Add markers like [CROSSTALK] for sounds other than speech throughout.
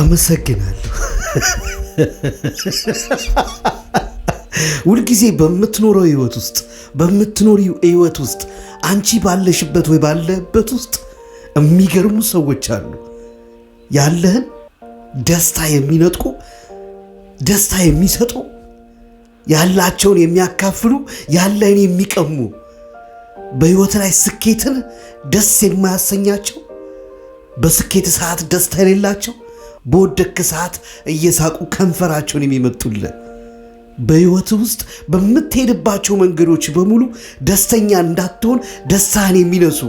አመሰግናለሁ። ሁልጊዜ በምትኖረው ህይወት ውስጥ በምትኖሪው ህይወት ውስጥ አንቺ ባለሽበት ወይ ባለበት ውስጥ የሚገርሙ ሰዎች አሉ። ያለህን ደስታ የሚነጥቁ ደስታ የሚሰጡ ያላቸውን የሚያካፍሉ ያለህን የሚቀሙ በህይወት ላይ ስኬትን ደስ የማያሰኛቸው በስኬት ሰዓት ደስታ የሌላቸው በወደክ ሰዓት እየሳቁ ከንፈራቸውን የሚመጡልን በሕይወት ውስጥ በምትሄድባቸው መንገዶች በሙሉ ደስተኛ እንዳትሆን ደስታን የሚነሱ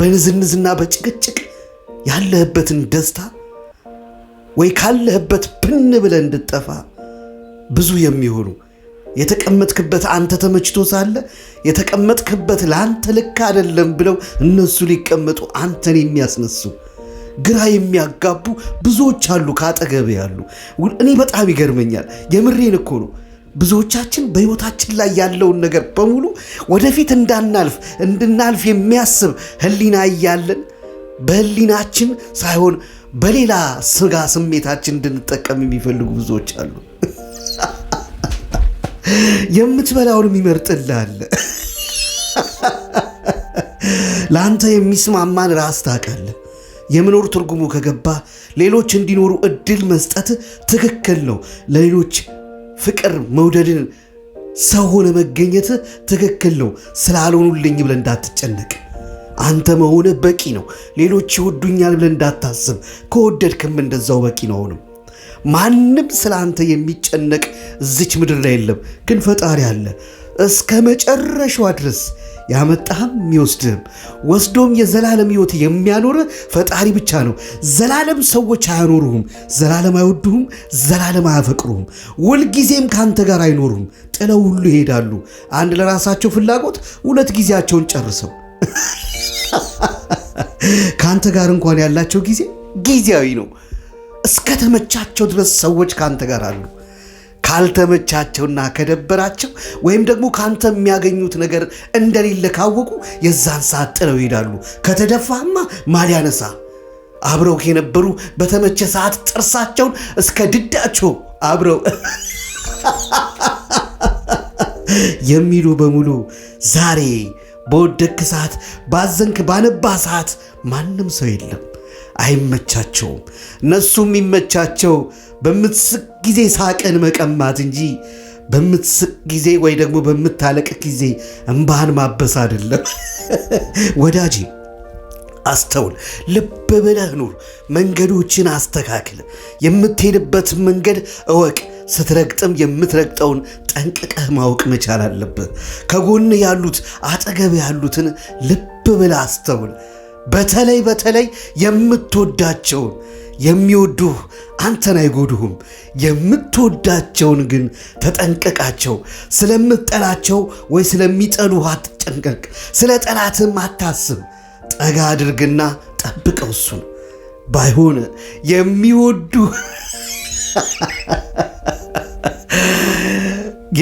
በንዝንዝና በጭቅጭቅ ያለህበትን ደስታ ወይ ካለህበት ብን ብለህ እንድጠፋ ብዙ የሚሆኑ የተቀመጥክበት አንተ ተመችቶ ሳለ የተቀመጥክበት ለአንተ ልክ አይደለም ብለው እነሱ ሊቀመጡ አንተን የሚያስነሱ ግራ የሚያጋቡ ብዙዎች አሉ ከአጠገብ ያሉ። እኔ በጣም ይገርመኛል። የምሬን እኮ ነው። ብዙዎቻችን በሕይወታችን ላይ ያለውን ነገር በሙሉ ወደፊት እንዳናልፍ እንድናልፍ የሚያስብ ህሊና እያለን በህሊናችን ሳይሆን በሌላ ስጋ ስሜታችን እንድንጠቀም የሚፈልጉ ብዙዎች አሉ። [LAUGHS] የምትበላውን የሚመርጥልህ [LAUGHS] ለአንተ የሚስማማን ራስ ታውቃለህ። የመኖር ትርጉሙ ከገባ ሌሎች እንዲኖሩ እድል መስጠት ትክክል ነው። ለሌሎች ፍቅር መውደድን፣ ሰው ሆነ መገኘት ትክክል ነው። ስላልሆኑልኝ ብለን እንዳትጨነቅ። አንተ መሆነ በቂ ነው። ሌሎች ይወዱኛል ብለን እንዳታስብ። ከወደድክም እንደዛው በቂ ነው። አሁንም ማንም ስለ አንተ የሚጨነቅ እዚች ምድር ላይ የለም፣ ግን ፈጣሪ አለ እስከ መጨረሻዋ ድረስ ያመጣህም የሚወስድህም ወስዶም የዘላለም ሕይወት የሚያኖር ፈጣሪ ብቻ ነው። ዘላለም ሰዎች አያኖሩህም፣ ዘላለም አይወዱህም፣ ዘላለም አያፈቅሩህም፣ ሁልጊዜም ከአንተ ጋር አይኖሩም። ጥለው ሁሉ ይሄዳሉ፣ አንድ ለራሳቸው ፍላጎት፣ ሁለት ጊዜያቸውን ጨርሰው። ከአንተ [LAUGHS] ጋር እንኳን ያላቸው ጊዜ ጊዜያዊ ነው። እስከተመቻቸው ድረስ ሰዎች ከአንተ ጋር አሉ። ካልተመቻቸውና ከደበራቸው ወይም ደግሞ ካንተ የሚያገኙት ነገር እንደሌለ ካወቁ የዛን ሰዓት ጥለው ይሄዳሉ። ከተደፋማ ማን ያነሳ? አብረው የነበሩ በተመቸ ሰዓት ጥርሳቸውን እስከ ድዳቸው አብረው [LAUGHS] የሚሉ በሙሉ ዛሬ በወደክ ሰዓት፣ ባዘንክ ባነባ ሰዓት ማንም ሰው የለም። አይመቻቸውም። እነሱ የሚመቻቸው በምትስቅ ጊዜ ሳቅን መቀማት እንጂ በምትስቅ ጊዜ ወይ ደግሞ በምታለቅ ጊዜ እምባህን ማበስ አይደለም። [LAUGHS] ወዳጄ አስተውል፣ ልብ ብለህ ኑር፣ መንገዶችን አስተካክል፣ የምትሄድበት መንገድ እወቅ። ስትረግጥም የምትረግጠውን ጠንቅቀህ ማወቅ መቻል አለብህ። ከጎን ያሉት አጠገብ ያሉትን ልብ ብለህ አስተውል። በተለይ በተለይ የምትወዳቸውን የሚወዱህ አንተን አይጎዱህም። የምትወዳቸውን ግን ተጠንቀቃቸው። ስለምጠላቸው ወይ ስለሚጠሉህ አትጨንቀቅ፣ ስለ ጠላትም አታስብ። ጠጋ አድርግና ጠብቀው እሱን። ባይሆን የሚወዱህ [LAUGHS]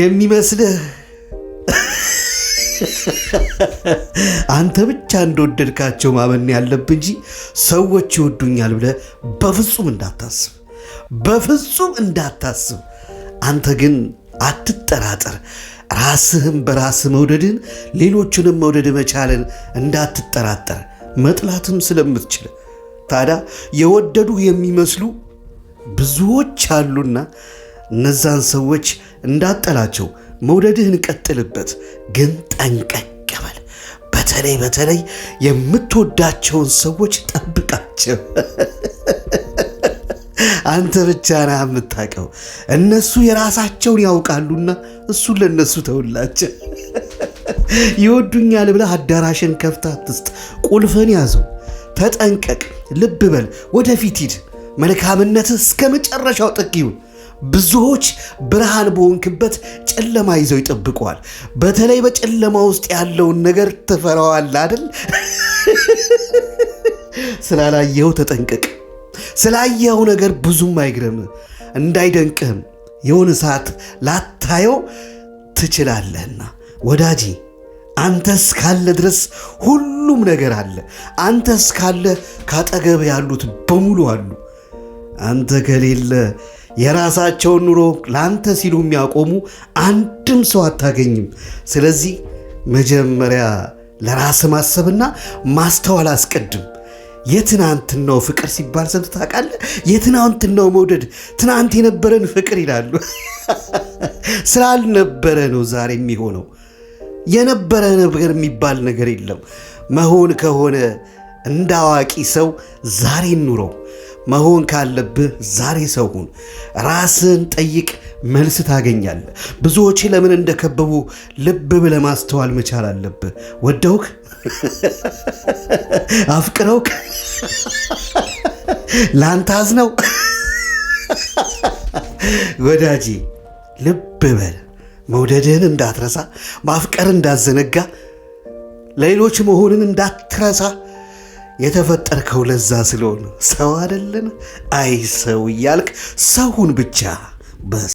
የሚመስልህ [LAUGHS] አንተ ብቻ እንደወደድካቸው ማመን ያለብህ እንጂ ሰዎች ይወዱኛል ብለህ በፍጹም እንዳታስብ፣ በፍጹም እንዳታስብ። አንተ ግን አትጠራጠር። ራስህን በራስህ መውደድን ሌሎቹንም መውደድ መቻልን እንዳትጠራጠር፣ መጥላትም ስለምትችል ታዲያ የወደዱ የሚመስሉ ብዙዎች አሉና እነዛን ሰዎች እንዳጠላቸው መውደድህን ቀጥልበት፣ ግን ጠንቀቅ በል። በተለይ በተለይ የምትወዳቸውን ሰዎች ጠብቃቸው። አንተ ብቻ ነህ የምታውቀው። እነሱ የራሳቸውን ያውቃሉና እሱን ለእነሱ ተውላቸው። ይወዱኛል ብለህ አዳራሽን ከፍታ አትስጥ። ቁልፍን ያዘው። ተጠንቀቅ፣ ልብ በል፣ ወደፊት ሂድ። መልካምነትህ እስከ መጨረሻው ጥግ ይሁን። ብዙዎች ብርሃን በሆንክበት ጨለማ ይዘው ይጠብቀዋል። በተለይ በጨለማ ውስጥ ያለውን ነገር ትፈራዋል አይደል? [LAUGHS] ስላላየኸው ተጠንቀቅ። ስላየኸው ነገር ብዙም አይግረም፣ እንዳይደንቅህም የሆነ ሰዓት ላታየው ትችላለህና ወዳጂ አንተ እስካለ ድረስ ሁሉም ነገር አለ። አንተ እስካለ ካጠገብ ያሉት በሙሉ አሉ። አንተ ከሌለ የራሳቸውን ኑሮ ለአንተ ሲሉ የሚያቆሙ አንድም ሰው አታገኝም። ስለዚህ መጀመሪያ ለራስ ማሰብና ማስተዋል አስቀድም። የትናንትናው ፍቅር ሲባል ሰምተህ ታውቃለህ? የትናንትናው መውደድ ትናንት የነበረን ፍቅር ይላሉ [LAUGHS] ስላልነበረ ነው ዛሬ የሚሆነው። የነበረ ነገር የሚባል ነገር የለም። መሆን ከሆነ እንደ አዋቂ ሰው ዛሬ ኑረው። መሆን ካለብህ ዛሬ ሰው ሁን። ራስን ጠይቅ፣ መልስ ታገኛለህ። ብዙዎች ለምን እንደከበቡ ልብ ብለህ ማስተዋል መቻል አለብህ። ወደውክ፣ አፍቅረውክ፣ ላንተ አዝነው ወዳጄ ልብ በል። መውደድህን እንዳትረሳ፣ ማፍቀር እንዳዘነጋ ለሌሎች መሆንን እንዳትረሳ የተፈጠርከው ለዛ ስለሆነ ሰው አይደለን። አይ ሰው እያልክ ሰውን ብቻ በስ